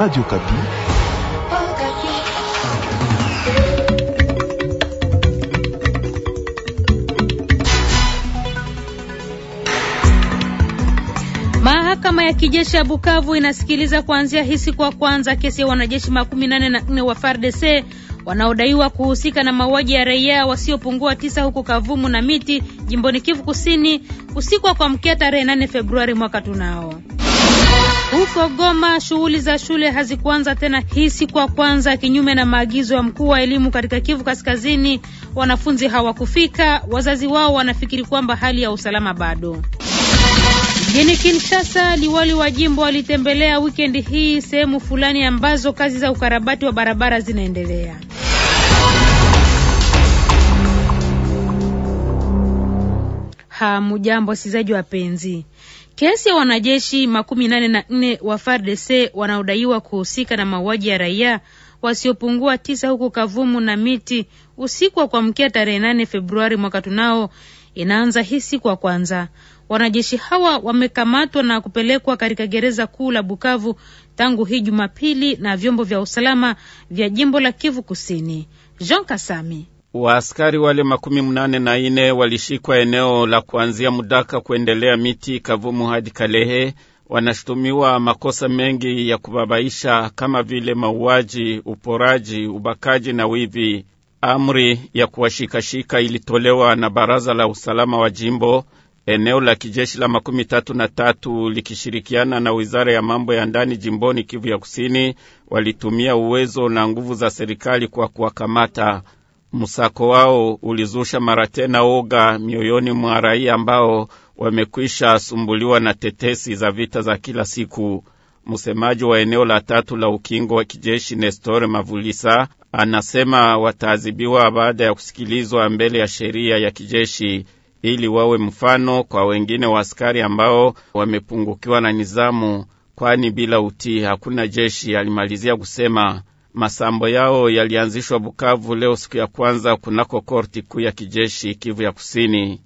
Radio Kapi. Mahakama ya kijeshi ya Bukavu inasikiliza kuanzia hisi kwa kwanza kesi ya wanajeshi makumi nane na nne wa FARDC wanaodaiwa kuhusika na mauaji ya raia wasiopungua tisa huko Kavumu na Miti, jimboni Kivu Kusini, usiku wa kuamkia tarehe 8 Februari mwaka tunao huko Goma shughuli za shule hazikuanza tena hii siku ya kwanza, kinyume na maagizo ya mkuu wa elimu katika Kivu Kaskazini. Wanafunzi hawakufika, wazazi wao wanafikiri kwamba hali ya usalama bado. Mjini Kinshasa, liwali wa jimbo walitembelea wikendi hii sehemu fulani ambazo kazi za ukarabati wa barabara zinaendelea. mujambo wasikilizaji wapenzi kesi ya wanajeshi makumi nane na nne wa FARDC wanaodaiwa kuhusika na mauaji ya raia wasiopungua tisa huko Kavumu na Miti usiku wa kuamkia tarehe nane Februari mwaka tunao inaanza hii siku ya kwanza. Wanajeshi hawa wamekamatwa na kupelekwa katika gereza kuu la Bukavu tangu hii Jumapili na vyombo vya usalama vya jimbo la Kivu Kusini. Jean Kasami Waaskari wale makumi mnane na ine walishikwa eneo la kuanzia Mudaka kuendelea miti Kavumu hadi Kalehe. Wanashutumiwa makosa mengi ya kubabaisha kama vile mauaji, uporaji, ubakaji na wivi. Amri ya kuwashikashika ilitolewa na baraza la usalama wa jimbo, eneo la kijeshi la makumi tatu na tatu likishirikiana na wizara ya mambo ya ndani jimboni Kivu ya Kusini. Walitumia uwezo na nguvu za serikali kwa kuwakamata Msako wao ulizusha mara tena woga mioyoni mwa raia ambao wamekwisha sumbuliwa na tetesi za vita za kila siku. Msemaji wa eneo la tatu la ukingo wa kijeshi Nestore Mavulisa anasema wataadhibiwa baada ya kusikilizwa mbele ya sheria ya kijeshi ili wawe mfano kwa wengine wa askari ambao wamepungukiwa na nizamu, kwani bila utii hakuna jeshi. Alimalizia kusema Masambo yao yalianzishwa Bukavu leo siku ya kwanza kunako korti kuu ya kijeshi Kivu ya Kusini.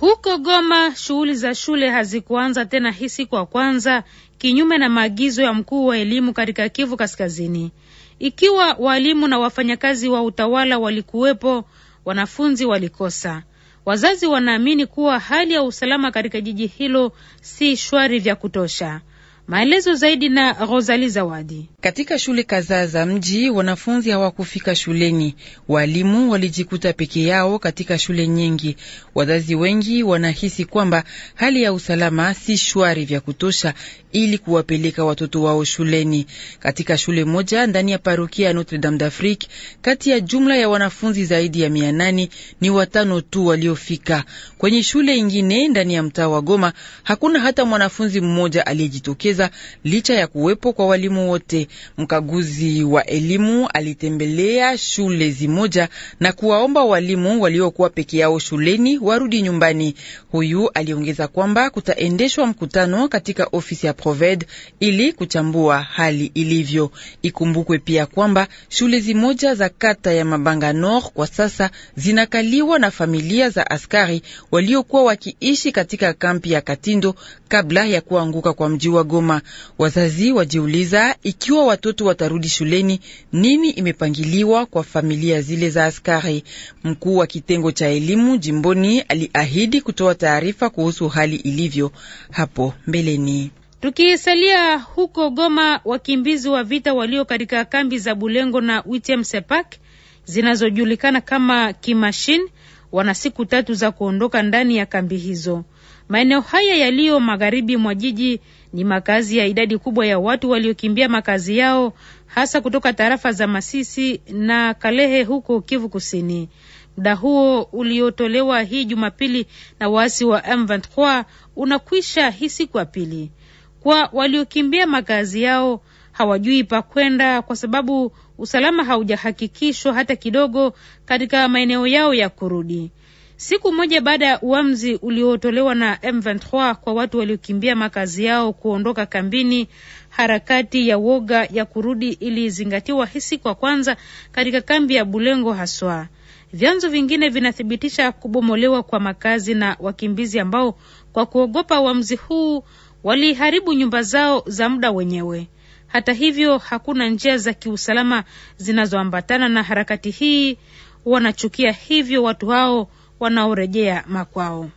Huko Goma, shughuli za shule hazikuanza tena hii siku ya kwanza, kinyume na maagizo ya mkuu wa elimu katika Kivu Kaskazini. Ikiwa walimu na wafanyakazi wa utawala walikuwepo, wanafunzi walikosa. Wazazi wanaamini kuwa hali ya usalama katika jiji hilo si shwari vya kutosha. Maelezo zaidi na Rosali Zawadi. Katika shule kadhaa za mji wanafunzi hawakufika shuleni, walimu walijikuta peke yao katika shule nyingi. Wazazi wengi wanahisi kwamba hali ya usalama si shwari vya kutosha ili kuwapeleka watoto wao shuleni. Katika shule moja ndani ya parokia ya Notre Dame d'Afrique, kati ya jumla ya wanafunzi zaidi ya mia nane ni watano tu waliofika. Kwenye shule ingine ndani ya mtaa wa Goma hakuna hata mwanafunzi mmoja aliyejitokeza kucheza licha ya kuwepo kwa walimu wote. Mkaguzi wa elimu alitembelea shule zimoja na kuwaomba walimu waliokuwa peke yao shuleni warudi nyumbani. Huyu aliongeza kwamba kutaendeshwa mkutano katika ofisi ya Proved ili kuchambua hali ilivyo. Ikumbukwe pia kwamba shule zimoja za kata ya Mabanga Nord kwa sasa zinakaliwa na familia za askari waliokuwa wakiishi katika kampi ya Katindo kabla ya kuanguka kwa mji wa Goma kusoma. Wazazi wajiuliza ikiwa watoto watarudi shuleni, nini imepangiliwa kwa familia zile za askari. Mkuu wa kitengo cha elimu jimboni aliahidi kutoa taarifa kuhusu hali ilivyo hapo mbeleni. Tukisalia huko Goma, wakimbizi wa vita walio katika kambi za Bulengo na Witem Sepak zinazojulikana kama Kimashin wana siku tatu za kuondoka ndani ya kambi hizo. Maeneo haya yaliyo magharibi mwa jiji ni makazi ya idadi kubwa ya watu waliokimbia makazi yao hasa kutoka tarafa za Masisi na Kalehe huko Kivu Kusini. Muda huo uliotolewa hii Jumapili na waasi wa M23 unakwisha hii siku ya pili. Kwa waliokimbia makazi yao, hawajui pa kwenda kwa sababu usalama haujahakikishwa hata kidogo katika maeneo yao ya kurudi. Siku moja baada ya uamuzi uliotolewa na M23 kwa watu waliokimbia makazi yao kuondoka kambini, harakati ya woga ya kurudi ilizingatiwa hisi kwa kwanza katika kambi ya Bulengo haswa. Vyanzo vingine vinathibitisha kubomolewa kwa makazi na wakimbizi ambao kwa kuogopa uamuzi huu waliharibu nyumba zao za muda wenyewe. Hata hivyo, hakuna njia za kiusalama zinazoambatana na harakati hii. Wanachukia hivyo watu hao wanaorejea makwao.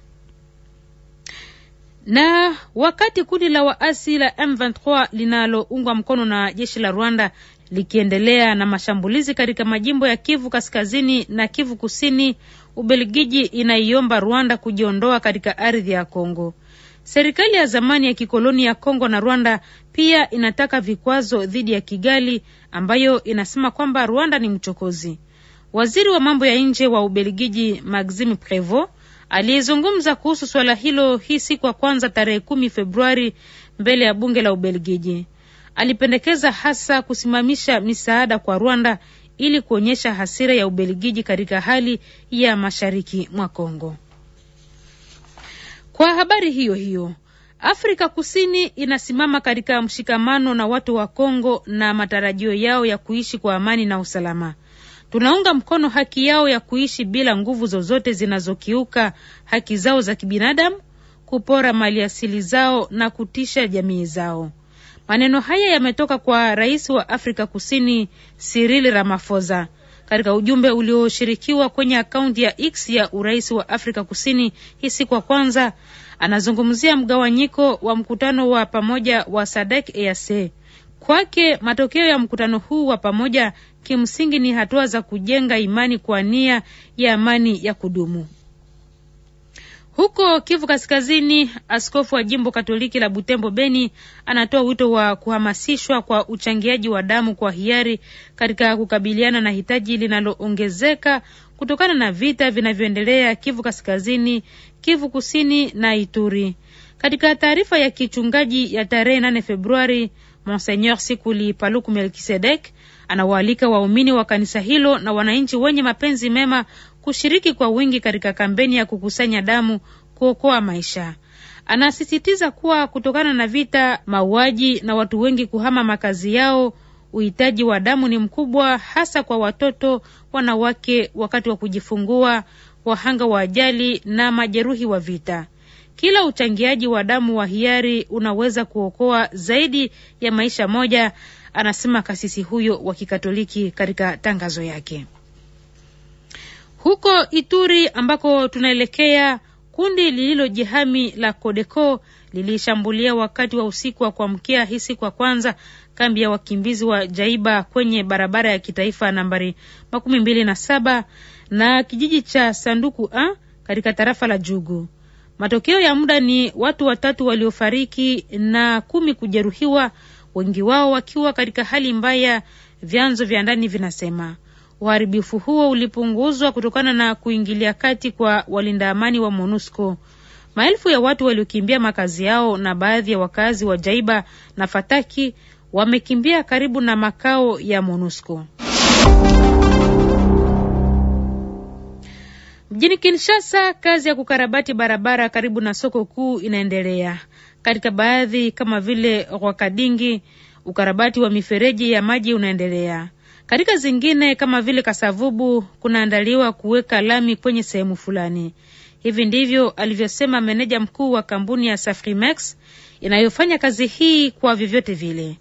Na wakati kundi la waasi la M23 linaloungwa mkono na jeshi la Rwanda likiendelea na mashambulizi katika majimbo ya Kivu Kaskazini na Kivu Kusini, Ubelgiji inaiomba Rwanda kujiondoa katika ardhi ya Kongo. Serikali ya zamani ya kikoloni ya Kongo na Rwanda pia inataka vikwazo dhidi ya Kigali ambayo inasema kwamba Rwanda ni mchokozi. Waziri wa mambo ya nje wa Ubelgiji Maxime Prevot aliyezungumza kuhusu suala hilo hii siku ya kwanza tarehe kumi Februari mbele ya bunge la Ubelgiji alipendekeza hasa kusimamisha misaada kwa Rwanda ili kuonyesha hasira ya Ubelgiji katika hali ya mashariki mwa Kongo. Kwa habari hiyo hiyo, Afrika Kusini inasimama katika mshikamano na watu wa Kongo na matarajio yao ya kuishi kwa amani na usalama. Tunaunga mkono haki yao ya kuishi bila nguvu zozote zinazokiuka haki zao za kibinadamu, kupora maliasili zao na kutisha jamii zao. Maneno haya yametoka kwa Rais wa Afrika Kusini Cyril Ramaphosa katika ujumbe ulioshirikiwa kwenye akaunti ya X ya urais wa Afrika Kusini hii siku ya kwanza. Anazungumzia mgawanyiko wa mkutano wa pamoja wa SADC EAC. Kwake matokeo ya mkutano huu wa pamoja kimsingi ni hatua za kujenga imani kwa nia ya amani ya kudumu. Huko Kivu Kaskazini, askofu wa jimbo Katoliki la Butembo Beni anatoa wito wa kuhamasishwa kwa uchangiaji wa damu kwa hiari katika kukabiliana na hitaji linaloongezeka kutokana na vita vinavyoendelea Kivu Kaskazini, Kivu Kusini na Ituri. Katika taarifa ya kichungaji ya tarehe 8 Februari, Monseigneur Sikuli Paluku Melkisedek Anawaalika waumini wa kanisa hilo na wananchi wenye mapenzi mema kushiriki kwa wingi katika kampeni ya kukusanya damu kuokoa maisha. Anasisitiza kuwa kutokana na vita, mauaji na watu wengi kuhama makazi yao, uhitaji wa damu ni mkubwa, hasa kwa watoto, wanawake wakati wa kujifungua, wahanga wa ajali na majeruhi wa vita. Kila uchangiaji wa damu wa hiari unaweza kuokoa zaidi ya maisha moja, anasema kasisi huyo wa Kikatoliki katika tangazo yake. Huko Ituri ambako tunaelekea, kundi lililojihami la Kodeko lilishambulia wakati wa usiku wa kuamkia hii siku ya kwanza kambi ya wakimbizi wa Jaiba kwenye barabara ya kitaifa nambari makumi mbili na saba na kijiji cha Sanduku A katika tarafa la Jugu. Matokeo ya muda ni watu watatu waliofariki na kumi kujeruhiwa wengi wao wakiwa katika hali mbaya, vyanzo vya ndani vinasema. Uharibifu huo ulipunguzwa kutokana na kuingilia kati kwa walinda amani wa MONUSCO. Maelfu ya watu waliokimbia makazi yao na baadhi ya wakazi wa Jaiba na Fataki wamekimbia karibu na makao ya MONUSCO. Mjini Kinshasa, kazi ya kukarabati barabara karibu na soko kuu inaendelea katika baadhi kama vile Rwakadingi, ukarabati wa mifereji ya maji unaendelea. Katika zingine kama vile Kasavubu, kunaandaliwa kuweka lami kwenye sehemu fulani. Hivi ndivyo alivyosema meneja mkuu wa kampuni ya safrimax inayofanya kazi hii kwa vyovyote vile.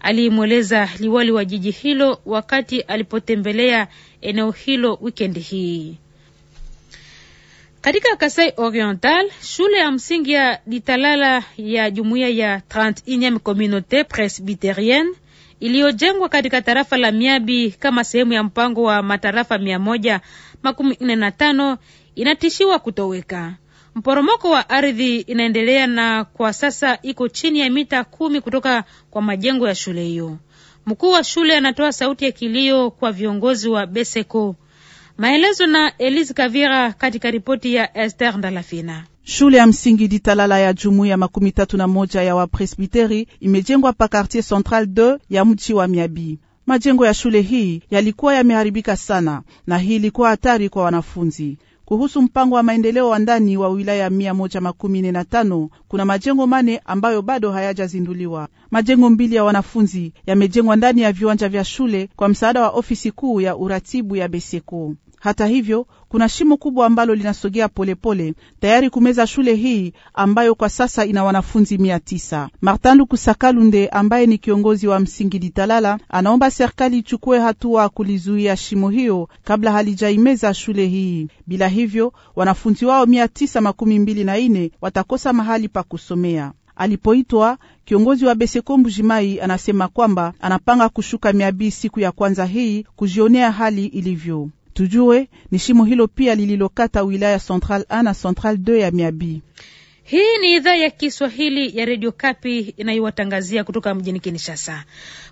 aliimweleza liwali wa jiji hilo wakati alipotembelea eneo hilo wikendi hii. Katika Kasai Oriental, shule ya msingi ya Ditalala ya jumuiya ya 31 Communauté Presbyterienne iliyojengwa katika tarafa la Miabi kama sehemu ya mpango wa matarafa 145 inatishiwa kutoweka. Mporomoko wa ardhi inaendelea na kwa sasa iko chini ya mita kumi kutoka kwa majengo ya shule hiyo. Mkuu wa shule anatoa sauti ya kilio kwa viongozi wa Beseko. Maelezo na Elise Kavira katika ripoti ya Esther Ndalafina. Shule ya msingi Ditalala ya jumuiya makumi tatu na moja ya Wapresbiteri imejengwa pa Quartier Central 2 ya mji wa Miabi. Majengo ya shule hii yalikuwa yameharibika sana na hii ilikuwa hatari kwa wanafunzi kuhusu mpango wa maendeleo wa ndani wa wilaya mia moja makumi nne na tano kuna majengo mane ambayo bado hayajazinduliwa. Majengo mbili ya wanafunzi yamejengwa ndani ya viwanja vya shule kwa msaada wa ofisi kuu ya uratibu ya Beseko. Hata hivyo kuna shimo kubwa ambalo linasogea polepole tayari kumeza shule hii ambayo kwa sasa ina wanafunzi mia tisa. Martin Lukusakalunde ambaye ni kiongozi wa msingi Ditalala anaomba serikali ichukue hatua kulizuia shimo hiyo kabla halijaimeza shule hii. Bila hivyo wanafunzi wao mia tisa makumi mbili na ine watakosa mahali pa kusomea. Alipoitwa kiongozi wa beseko mbujimai anasema kwamba anapanga kushuka Miabii siku ya kwanza hii kujionea hali ilivyo. Tujue ni shimo hilo pia lililokata wilaya Central A na Central 2 ya Miabi. Hii ni idhaa ya Kiswahili ya Radio Kapi inayowatangazia kutoka mjini Kinshasa.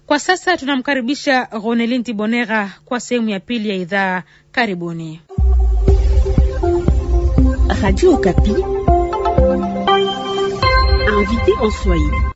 Kwa sasa tunamkaribisha ronelinti bonera kwa sehemu ya pili ya idhaa. Karibuni Radio Kapi.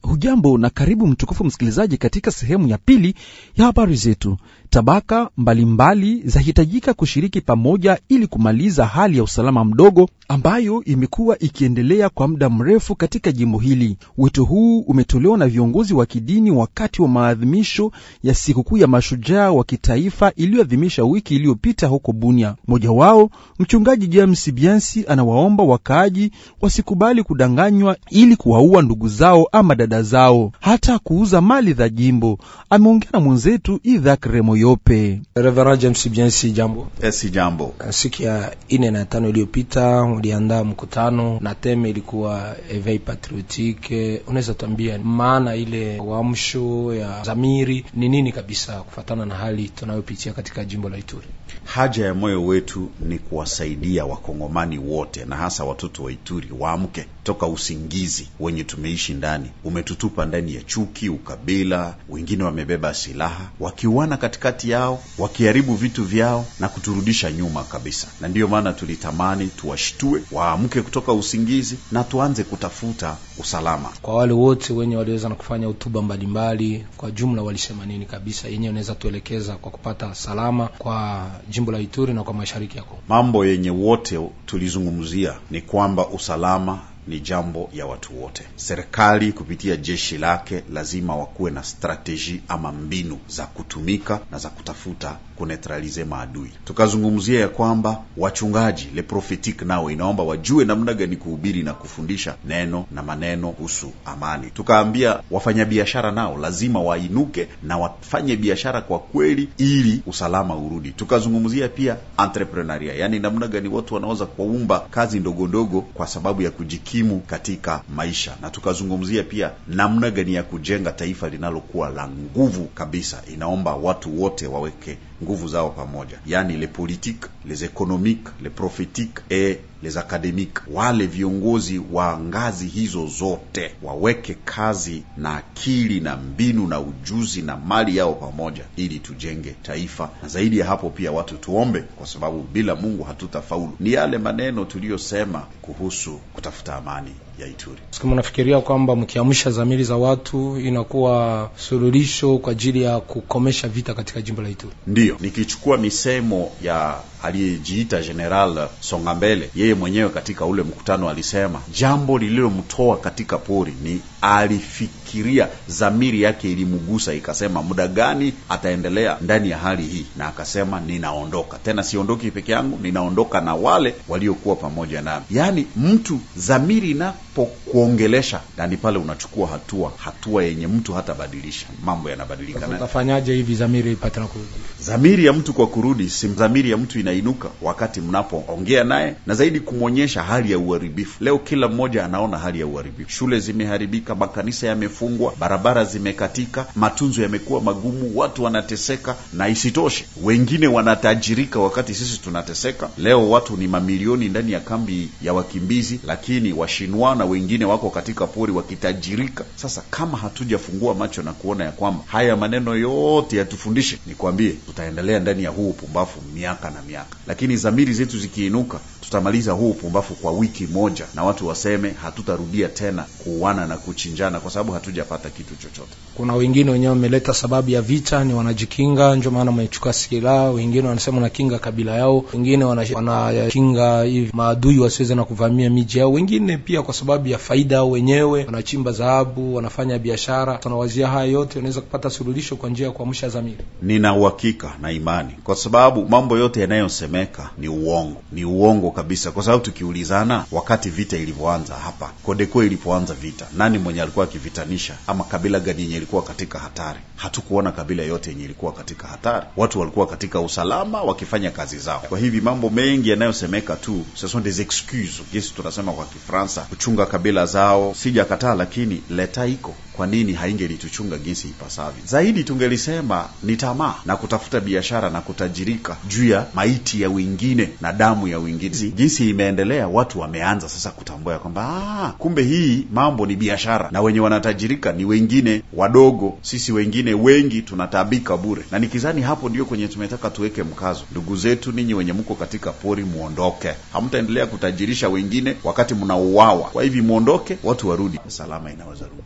Hujambo na karibu mtukufu msikilizaji katika sehemu ya pili ya habari zetu tabaka mbalimbali zahitajika kushiriki pamoja ili kumaliza hali ya usalama mdogo ambayo imekuwa ikiendelea kwa muda mrefu katika jimbo hili. Wito huu umetolewa na viongozi wa kidini wakati wa maadhimisho ya sikukuu ya mashujaa wa kitaifa iliyoadhimisha wiki iliyopita huko Bunia. Mmoja wao mchungaji James Biansi anawaomba wakaaji wasikubali kudanganywa ili kuwaua ndugu zao ama dada zao, hata kuuza mali za jimbo. Ameongea na mwenzetu Idhak Remoyo. Yope. Reverend James Bien, eh, si jambo. Si eh, jambo. Siku ya ine na tano iliyopita uliandaa mkutano na teme ilikuwa Evei Patriotique. Unaweza tuambia maana ile wamsho ya zamiri ni nini kabisa, kufatana na hali tunayopitia katika jimbo la Ituri? Haja ya moyo wetu ni kuwasaidia wakongomani wote na hasa watoto wa Ituri waamke toka usingizi wenye tumeishi ndani. Umetutupa ndani ya chuki, ukabila, wengine wamebeba silaha wakiuana katikati yao, wakiharibu vitu vyao na kuturudisha nyuma kabisa. Na ndiyo maana tulitamani tuwashtue, waamke kutoka usingizi na tuanze kutafuta usalama. Kwa wale wote wenye waliweza na kufanya hotuba mbalimbali, kwa jumla walisema nini kabisa, yenyewe unaweza tuelekeza kwa kupata salama kwa jimbo la Ituri na kwa mashariki yako. Mambo yenye wote tulizungumzia ni kwamba usalama ni jambo ya watu wote. Serikali kupitia jeshi lake lazima wakuwe na strateji ama mbinu za kutumika na za kutafuta kunetralize maadui. Tukazungumzia ya kwamba wachungaji le prophetic nao inaomba wajue namna gani kuhubiri na kufundisha neno na maneno kuhusu amani. Tukaambia wafanyabiashara nao lazima wainuke na wafanye biashara kwa kweli, ili usalama urudi. Tukazungumzia pia entrepreneuria, yani namna gani watu wanaweza kuumba kazi ndogo ndogo kwa sababu ya kujiki kujikimu katika maisha, na tukazungumzia pia namna gani ya kujenga taifa linalokuwa la nguvu kabisa. Inaomba watu wote waweke nguvu zao pamoja, yani le politique les économiques les prophétiques et les académiques. Wale viongozi wa ngazi hizo zote waweke kazi na akili na mbinu na ujuzi na mali yao pamoja, ili tujenge taifa, na zaidi ya hapo pia watu tuombe, kwa sababu bila Mungu hatutafaulu. Ni yale maneno tuliyosema kuhusu kutafuta amani ya Ituri. Mnafikiria kwamba mkiamsha zamiri za watu inakuwa suluhisho kwa ajili ya kukomesha vita katika jimbo la Ituri? Ndiyo, nikichukua misemo ya aliyejiita General Songambele, yeye mwenyewe katika ule mkutano alisema jambo lililomtoa katika pori ni alifikiria, dhamiri yake ilimgusa, ikasema muda gani ataendelea ndani ya hali hii, na akasema ninaondoka. Tena siondoki peke yangu, ninaondoka na wale waliokuwa pamoja nami. Yaani mtu dhamiri inapokuongelesha ndani pale, unachukua hatua, hatua yenye mtu hatabadilisha, mambo yanabadilika. Utafanyaje hivi dhamiri ipate kurudi? dhamiri ya mtu kwa kurudi si dhamiri ya mtu inainuka wakati mnapoongea naye, na zaidi kumwonyesha hali ya uharibifu. Leo kila mmoja anaona hali ya uharibifu, shule zimeharibika, makanisa yamefungwa, barabara zimekatika, matunzo yamekuwa magumu, watu wanateseka, na isitoshe wengine wanatajirika wakati sisi tunateseka. Leo watu ni mamilioni ndani ya kambi ya wakimbizi, lakini washinwa na wengine wako katika pori wakitajirika. Sasa kama hatujafungua macho na kuona ya kwamba haya maneno yote yatufundishe, nikwambie tutaendelea ndani ya huu upumbavu miaka na miaka, lakini zamiri zetu zikiinuka, tutamaliza huu upumbavu kwa wiki moja, na watu waseme hatutarudia tena kuuana na kuchinjana, kwa sababu hatujapata kitu chochote. Kuna wengine wenyewe wameleta sababu ya vita, ni wanajikinga, njo maana wamechukua silaha. Wengine wanasema wanakinga kabila yao, wengine wanakinga hivi maadui wasiweze na kuvamia miji yao, wengine pia kwa sababu ya faida wenyewe, wanachimba dhahabu, wanafanya biashara. Tunawazia haya yote, wanaweza kupata suluhisho kwa njia ya kuamsha zamiri Nina uhakika kuridhika na imani, kwa sababu mambo yote yanayosemeka ni uongo, ni uongo kabisa. Kwa sababu tukiulizana, wakati vita ilivyoanza hapa, Kodeko ilipoanza vita, nani mwenye alikuwa akivitanisha, ama kabila gani yenye ilikuwa katika hatari? Hatukuona kabila yote yenye ilikuwa katika hatari. Watu walikuwa katika usalama wakifanya kazi zao. Kwa hivi mambo mengi yanayosemeka tu ce sont des excuses, jinsi tunasema kwa Kifransa, kuchunga kabila zao sijakataa, lakini leta iko kwa nini haingelituchunga jinsi ipasavyo? Zaidi tungelisema ni tamaa na kutafuta biashara na kutajirika juu ya maiti ya wengine na damu ya wengine. Jinsi imeendelea, watu wameanza sasa kutambua kwamba ah, kumbe hii mambo ni biashara, na wenye wanatajirika ni wengine wadogo. Sisi wengine wengi tunatabika bure, na nikizani hapo ndio kwenye tumetaka tuweke mkazo. Ndugu zetu, ninyi wenye mko katika pori, muondoke, hamtaendelea kutajirisha wengine wakati mnauawa. Kwa hivi muondoke, watu warudi salama, inaweza rudi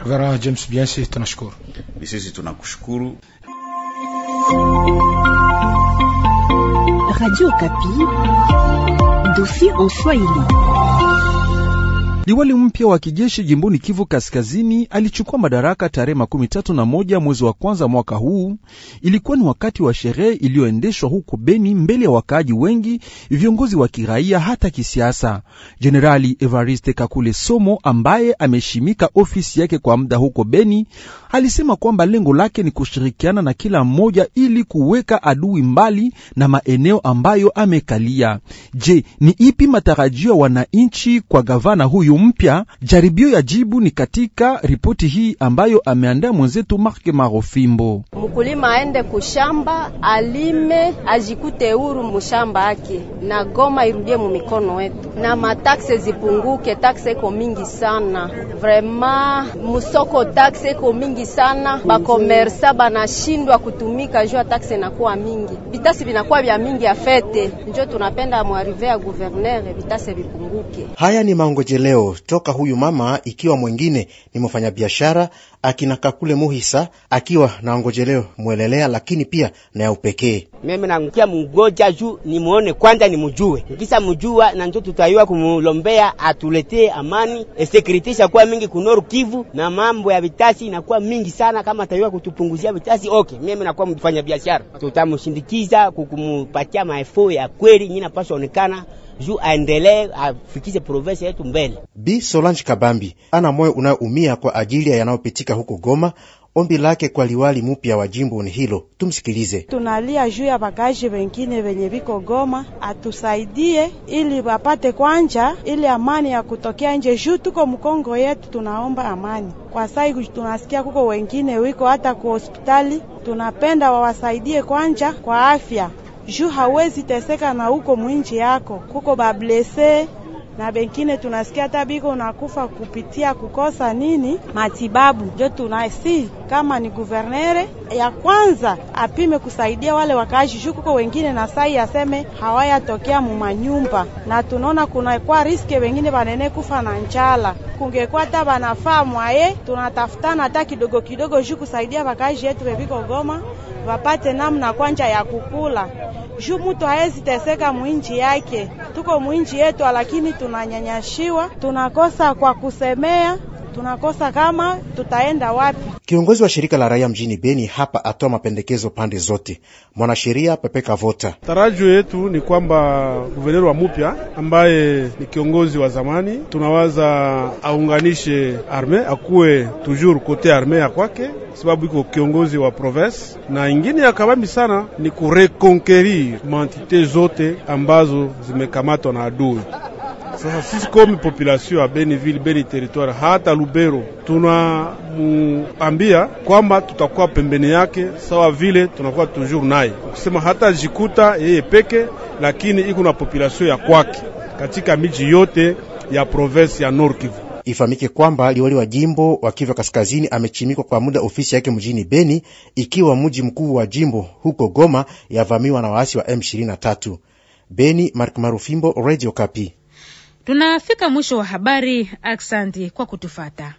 Reverend James Biasi, tunashukuru. Ni sisi tunakushukuru. Radio Kapi, dossier en Swahili. Liwali mpya wa kijeshi jimboni Kivu Kaskazini alichukua madaraka tarehe makumi tatu na moja mwezi wa kwanza mwaka huu. Ilikuwa ni wakati wa sherehe iliyoendeshwa huko Beni mbele ya wakaaji wengi, viongozi wa kiraia hata kisiasa. Jenerali Evariste Kakule Somo ambaye ameshimika ofisi yake kwa muda huko Beni alisema kwamba lengo lake ni kushirikiana na kila mmoja ili kuweka adui mbali na maeneo ambayo amekalia. Je, ni ipi matarajio ya wananchi kwa gavana huyu mpya. Jaribio ya jibu ni katika ripoti hii ambayo ameandaa mwenzetu Marke Marofimbo. Mkulima aende kushamba, alime, ajikute huru mushamba ake, na goma irudie mu mikono wetu, na matakse zipunguke. Takse iko mingi sana vrema, musoko takse iko mingi sana, bakomersa banashindwa kutumika jua takse inakuwa mingi, vitasi vinakuwa vya mingi afete. Njo tunapenda mwarive ya guvernere vitasi vipunguke. Haya ni maongojeleo toka huyu mama ikiwa mwengine ni mfanyabiashara akina Kakule Muhisa akiwa na ngojeleo mwelelea, lakini pia na ya upekee. Mimi nangukia mngoja juu nimuone kwanza, nimujue kisa mjua na njo tutaiwa kumulombea atuletee amani. Esekurite shakuwa mingi kunoru Kivu na mambo ya vitasi inakuwa mingi sana, kama ataiwa kutupunguzia vitasi okay. Mimi nakuwa mfanya biashara, tutamshindikiza kukumupatia maefo ya kweli, nyina pasha onekana juu aendelee afikishe province yetu mbele. Bi Solange Kabambi ana moyo unayoumia kwa ajili ya yanayopitika alipofika huko Goma, ombi lake kwa liwali mupya wa jimbo ni hilo. Tumsikilize. Tunalia juu ya bagaji wengine wenye viko Goma, atusaidie ili wapate kwanja ili amani ya kutokea nje, juu tuko mkongo yetu, tunaomba amani kwa sai. Tunasikia kuko wengine wiko hata ku hospitali, tunapenda wawasaidie kwanja kwa afya, juu hawezi teseka na huko mwinji yako kuko bablese na bengine tunasikia hata biko unakufa kupitia kukosa nini matibabu. Jo tunasi kama ni guvernere ya kwanza apime kusaidia wale wakaishi shukuko wengine na sai aseme hawayatokea mumanyumba, na tunaona kunakuwa riske wengine banene kufa na njala. Kungekuwa hata banafaa mwaye tunatafutana hata kidogo kidogo juu kusaidia wakaishi yetu veviko Goma wapate namna kwanja ya kukula, juu mutu hawezi teseka mwinji yake. Tuko mwinji yetu, lakini tunanyanyashiwa, tunakosa kwa kusemea tunakosa kama tutaenda wapi. Kiongozi wa shirika la raia mjini Beni hapa atoa mapendekezo pande zote. Mwanasheria Pepe Kavota: tarajio yetu ni kwamba guverner wa mupya ambaye ni kiongozi wa zamani, tunawaza aunganishe arme, akuwe tujur kote arme ya kwake, sababu iko kiongozi wa province, na ingine ya kabambi sana ni kurekonkerir mantite zote ambazo zimekamatwa na adui sasa sisi komi population ya Beniville, Beni territoire hata Lubero, tunamuambia kwamba tutakuwa pembeni yake, sawa vile tunakuwa toujours naye, kusema hata jikuta yeye peke, lakini iko na population ya kwake katika miji yote ya province ya Nord Kivu. Ifahamike kwamba liwali wa jimbo wa Kivu Kaskazini amechimikwa kwa muda ofisi yake mjini Beni, ikiwa mji mkuu wa jimbo huko Goma yavamiwa na waasi wa M23. Beni, Mark Marufimbo, Radio Kapi. Tunafika mwisho wa habari. Aksanti kwa kutufata.